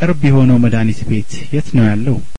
ቅርብ የሆነው መድኃኒት ቤት የት ነው ያለው